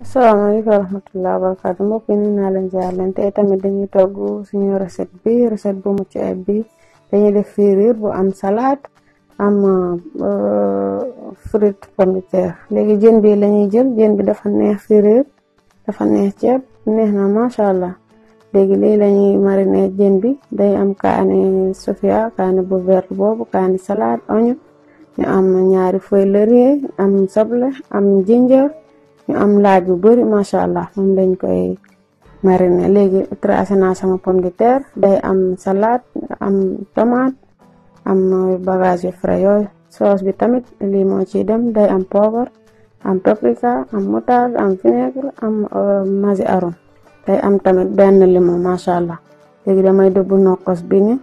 assalamu alaikum warahmatullahi wabarakatuh Mau yi nuyu jalan. leen ziar leen te tamit dañuy suñu recette bi recette bu mucc ayib bi dañuy def bu am salade am eh, frite pomme de terre léegi jën bi lañuy jël jën bi dafa neex firiir dafa neex ceeb neex na macha allah léegi lii lañuy mariner bi day am kaani sofia kaani bu vert boobu kaani salade oignon ñu am nyari feuille am sable, am ginger ñu am laaj yu bari macha allah moom lañ koy mariné léegi tracé naa sama pomme de terre day am salade am tomate am bagage yu frais yooyu sauce bi tamit lii moo ciy dem day am poobar am paprika am moutarde am vinaigre am euh, masi arom day am tamit benn limon macha allah léegi damay dëbb nokkos bi ni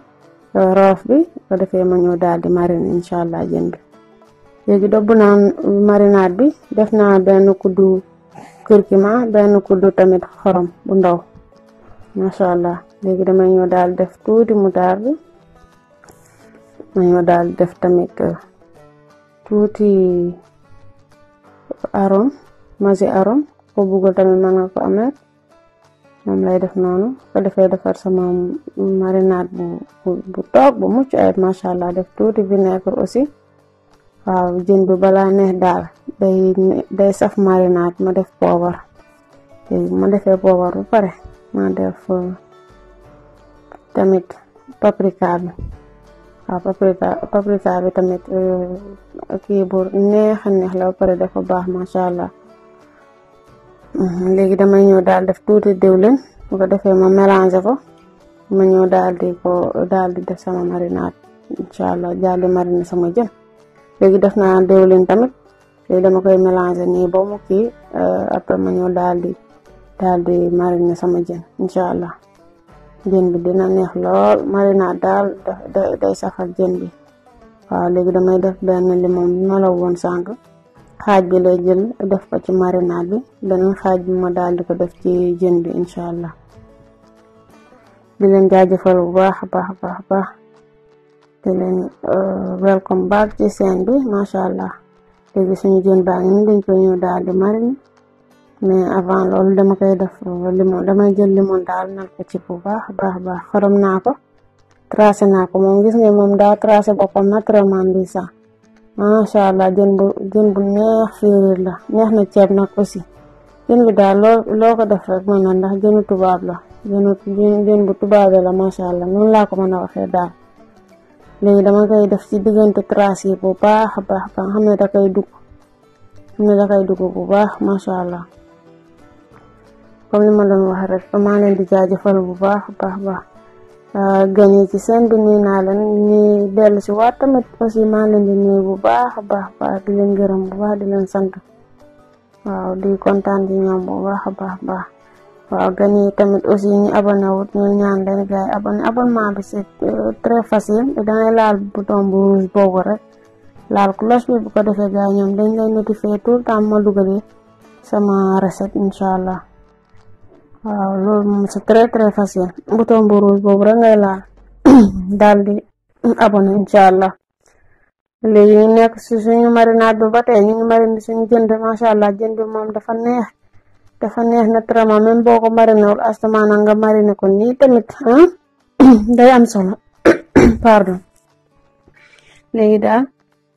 euh, roof bi ko defee ma ñëw daal di mariné incha allah jën bi léegi dobu naa marinade bi def naa benn kuddu curcuma ben kuddu tamit xorom bu ndaw sha allah léegi dama ñu dal def tuuti bi ma ñu dal def tamit euh, tuuti arôme masi arom ko bugul tamit man nga ko amé mom lay def nonu ko defé defar sama marinade bu bu tok bu mucc ma sha allah def tuti vinaigre aussi waaw jën bi bala neex daal day day saf marinade ma def poobar léegi ma defee poobar bu pare ma def euh, tamit paprika bi waaw paprika paprika bi tamit euh, kii bu neex a neex la ba pare dafa baax macha allah léegi damay ñëw daal def tuuti diwlin bu ko defee ma mélanger ko ma ñëw daal di ko daal di def sama marinade incha allah daal di sama jën légui def na déwlin tamit léegi dama koy mélanger ni ba mu euh après ma ñëw daldi di daal mariner sama jën inshallah allah bi dina neex lool marina dal day safal jën bi wa légui damay def ben limon bi ma la woon sànq xaaj bi lay jël def ko ci marina bi beneen xaj bi ma daal ko def ci jën bi inshallah allah di leen jaajëfal bu baax a baax baax tenen eh, welcome back ci scène bi macha allah suñu jën baa ngi ni dañ ko ñu daal di marine mais avant loolu dama koy def eh, limon dama jël limon daal nal ko ci bu baax baax baax xorom na ko tracé na ko moom gis nga mom da tracé na naturellement bi sax macha allah bu jën bu neex féeréer la neex na ceeb nag aussi jën bi daal loo loo ko def rek man na ndax jënu tubaab la jënu jën bu tubaabee la allah laa ko mëna léegi dama koy def ci diggante trace yi bu baax a baax ba nga xam ne da koy dugg xam ne da koy dugg bu baax macha allah comme li ma doon wax rek maa leen di jaajëfal bu baax a baax baax gagné ci seen bi nuyu naa leen ñi dellu si waat tamit aussi maa leen di nuyu bu baax a baax baax di leen gërëm bu baax di leen sant waaw di kontaan di ñoom bu baax a baax baax waaw gani tamit aussi ñi abonné wut ñu ñaan leen gars yi abonné abonnement bi c'est très facile da ngay laal bouton bu rouge boobu rek laal cloche bi bu ko defee gars ñoom dañ lay notifier tout le temps ma dugalee sama recette incha allah waaw loolu moom c'est très très facile bouton bu rouge boobu rek ngay laal daal di abonné incha allah léegi ñu nekk si suñu marinade bi ba tey eh, ñu ngi marine suñu jënd macha allah jënd moom dafa neex dafa neex na traitement même boko ko mariné wul nga mariné ko ni tamit ah day am solo pardon legui daal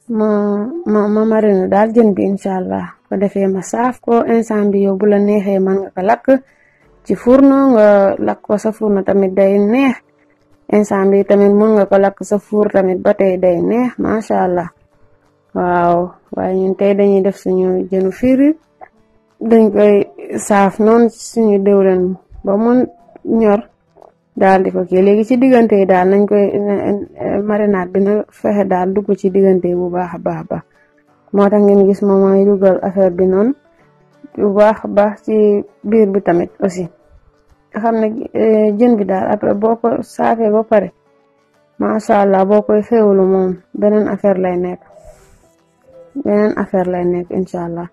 ma ma ma marina dal jën bi inshallah ko defé ma saaf ko instant bi yow bu la neexee man nga ko lak ci fourno nga lak ko sa fourno tamit day neex instant bi tamit mën nga ko lak sa four tamit batay day neex sha allah waaw waaye ñun tey dañuy def suñu jënu firi dañ koy saaf noonu ci suñu ren ba mu ñor daal di ko kii léegi ci diggante yi daal nañ koy marinade dina na fexe daal dugg ci diggante bu baax baax a baax moo tax ngeen gis moom mooy dugal affaire bi noonu bu baax baax ci biir bi tamit aussi nga xam ne eh, jën bi daal après boo ko saafee ba pare macha allah boo koy xéwlu moom beneen affaire lay nekk beneen affaire lay nekk incha allah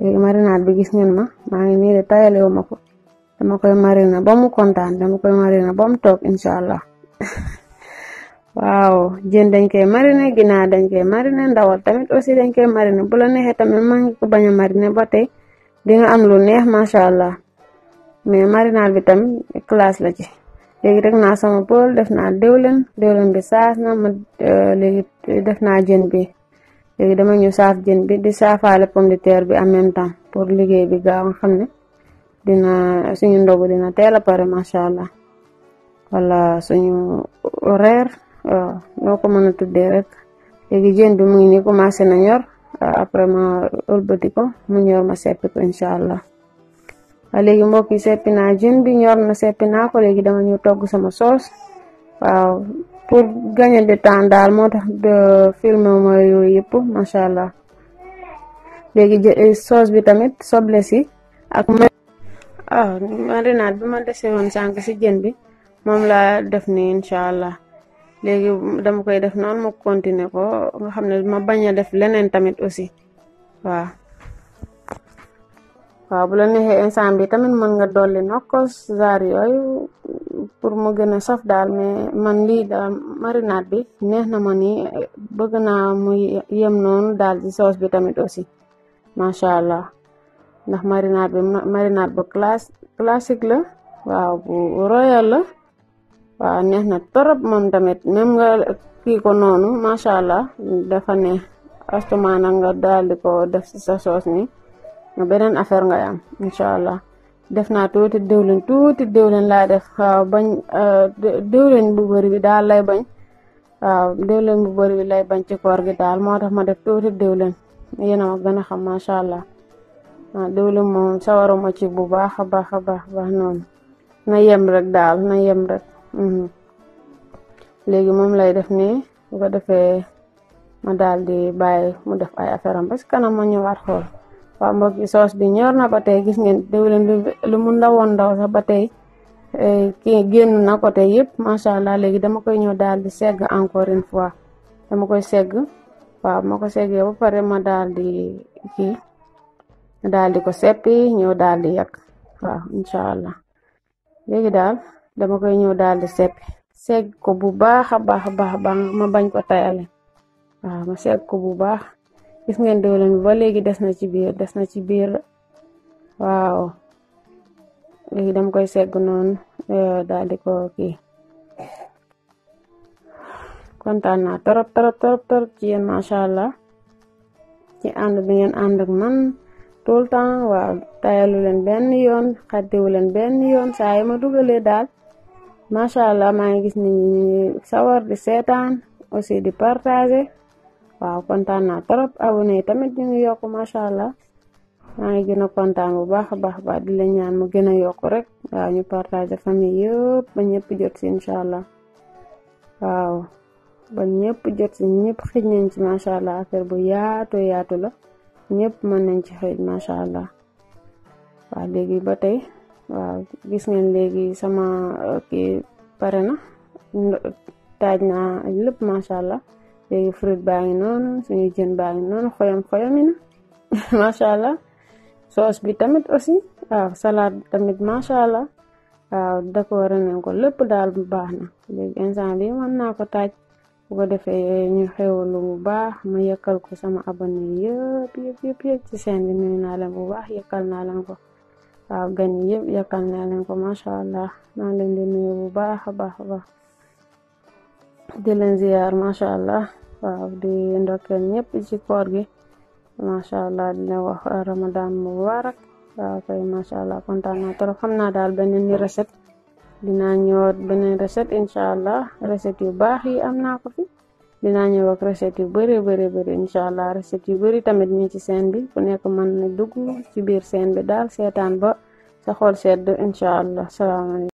léegi marina bi gis ngeen ma maa nah, ngi nii de tayalewu ma ko dama koy marina nah, ba mu kontaan dama koy marina nah, ba mu toog Wow, allah waaw jën dañ koy mariner ginaar dañ koy mariner ndawal tamit aussi dañ koy mariner bu la neexee tamit maa ngi ko bañ a mariner ba eh, tey di nga am lu neex macha allah mais marinade bi tamit classe la ci léegi rek naa sama bool def naa déwlen déwlen bi saas na ma léegi def naa jën bi léegi dama ñu saaf jën bi di saafaale pomme de terre bi en même temps pour liggéey bi gaaw nga xam ne dina suñu ndogu dina teel a pare macha allah wala suñu reer waaw noo ko mën a tuddee rek léegi jën bi mu ngi ni commencé na ñor après ma ëlbati ko mu ñor ma seppi ko incha allah léegi mbokk yi seppi naa jën bi ñor na seppi naa ko léegi dama ñu togg sama sos, waaw pour gagner du daal moo tax filmé ma yooyu yëpp macha allah léegi eh, sauce bi tamit soble si ak. ah marinade bi ma dese woon sànq si jën bi moom laa def ni incha allah léegi dama koy def noonu ma continuer ko nga xam ne ma bañ a def leneen tamit aussi waaw. waaw bu la neexee instant bi tamit mën nga dolli nokkos genre yooyu pour mu gën a saf daal mais man lii daal marinade bi neex na ma nii bëgg naa muy yem noonu daal ci sauce bi tamit aussi macha allah ndax marinade bi marinade bu classe la waaw bu royal la waaw neex na torop moom tamit même nga kii noonu macha allah dafa neex astuma na nga daal ko def si sa sauce ni nga beneen affaire nga am incha allah def naa tuuti diwlin tuuti diwlin laa def waaw bañ euh, diwlin bu bëri bi daal lay bañ waaw diwlin bu bëri bi lay bañ ci koor gi daal moo tax ma def tuuti diwlin yéen a ma gën a xam macha allah waaw diwlin moom sawaruma ci bu baax a baax a baax baax noonu na yem rek daal na yem rek mhm. léegi moom lay def nii bu ko defee ma daal di bàyyi mu def ay affaire am parce que kanam ma ñëwaat xool. waaw mbokk yi soos bi ñor na ba tey gis ngeen diwlin bi lu mu ndawoon ndaw sax ba tey eh, kii génn na ko tey yëpp macha allah léegi dama koy ñëw daal di segg encore une fois dama koy segg waaw ma ko seggee ba pare ma daal di ki daal di ko seppi ñëw daal di yàq waaw incha allah léegi daal dama koy ñëw daal di seppi segg ko bu baax a baax baax ma bañ ko tayale waaw ma segg ko bu baax. gis ngeen diwlin bi ba léegi des na ci biir des na ci biir waaw léegi dam koy segg noonu eh, daal di ko kii kontaan naa torop torop torop torop ci yéen macha allah ci ànd bi ngeen ànd ak man tout le temps waaw tayalu leen benn yoon xaddiwu leen benn yoon saa yi ma dugalee daal macha allah maa ngi gis nit ñi sawar di seetaan aussi di partager waaw kontaan naa trop abonné tamit ñu ngi yokk macha allah maa ngi gën a kontaan bu baax a baax baax di la ñaan mu gën a yokk rek waaw ñu partager famille yëpp ba ñëpp jot si incha allah waaw ba ñëpp jot si ñëpp xëj nañ ci macha allah affaire bu yaatu yaatu la ñëpp mën nañ ci xëj macha allah waaw léegi ba tey waaw gis ngeen léegi sama euh, kii pare na taaj naa lépp macha allah. léegi fruit baa ngi noonu suñu jën baa ngi noonu xoyom macha allah soos bi tamit aussi waaw salade tamit macha allah waaw décoré ko lépp daal bu baax na léegi instant bi man naa ko taaj bu ko defee ñu xéwalu bu baax ma yëkkal ko sama abonné yëpp yëpp yëpp yëpp ci seen bi nuyu naa leen bu baax yëkkal naa leen ko waaw gan yi yëpp yëkkal naa leen ko macha allah maa ngi bu baax a baax baax len ziar macha allah waaw di ndokel ñëpp ci koor gi macha allah dina wax ramadan mubarak waaw kay macha allah kontaan naa xamna dal benen ni recette dina ñëwaat benen recette incha allah recette yu baax yi amna ko fi dina ñëw ak recette yu bëre bëre bëre incha allah recette yu bëri tamit ñi ci seen bi ku nekk man na dugg ci biir seen bi dal seetaan ba sa xol sedd incha allah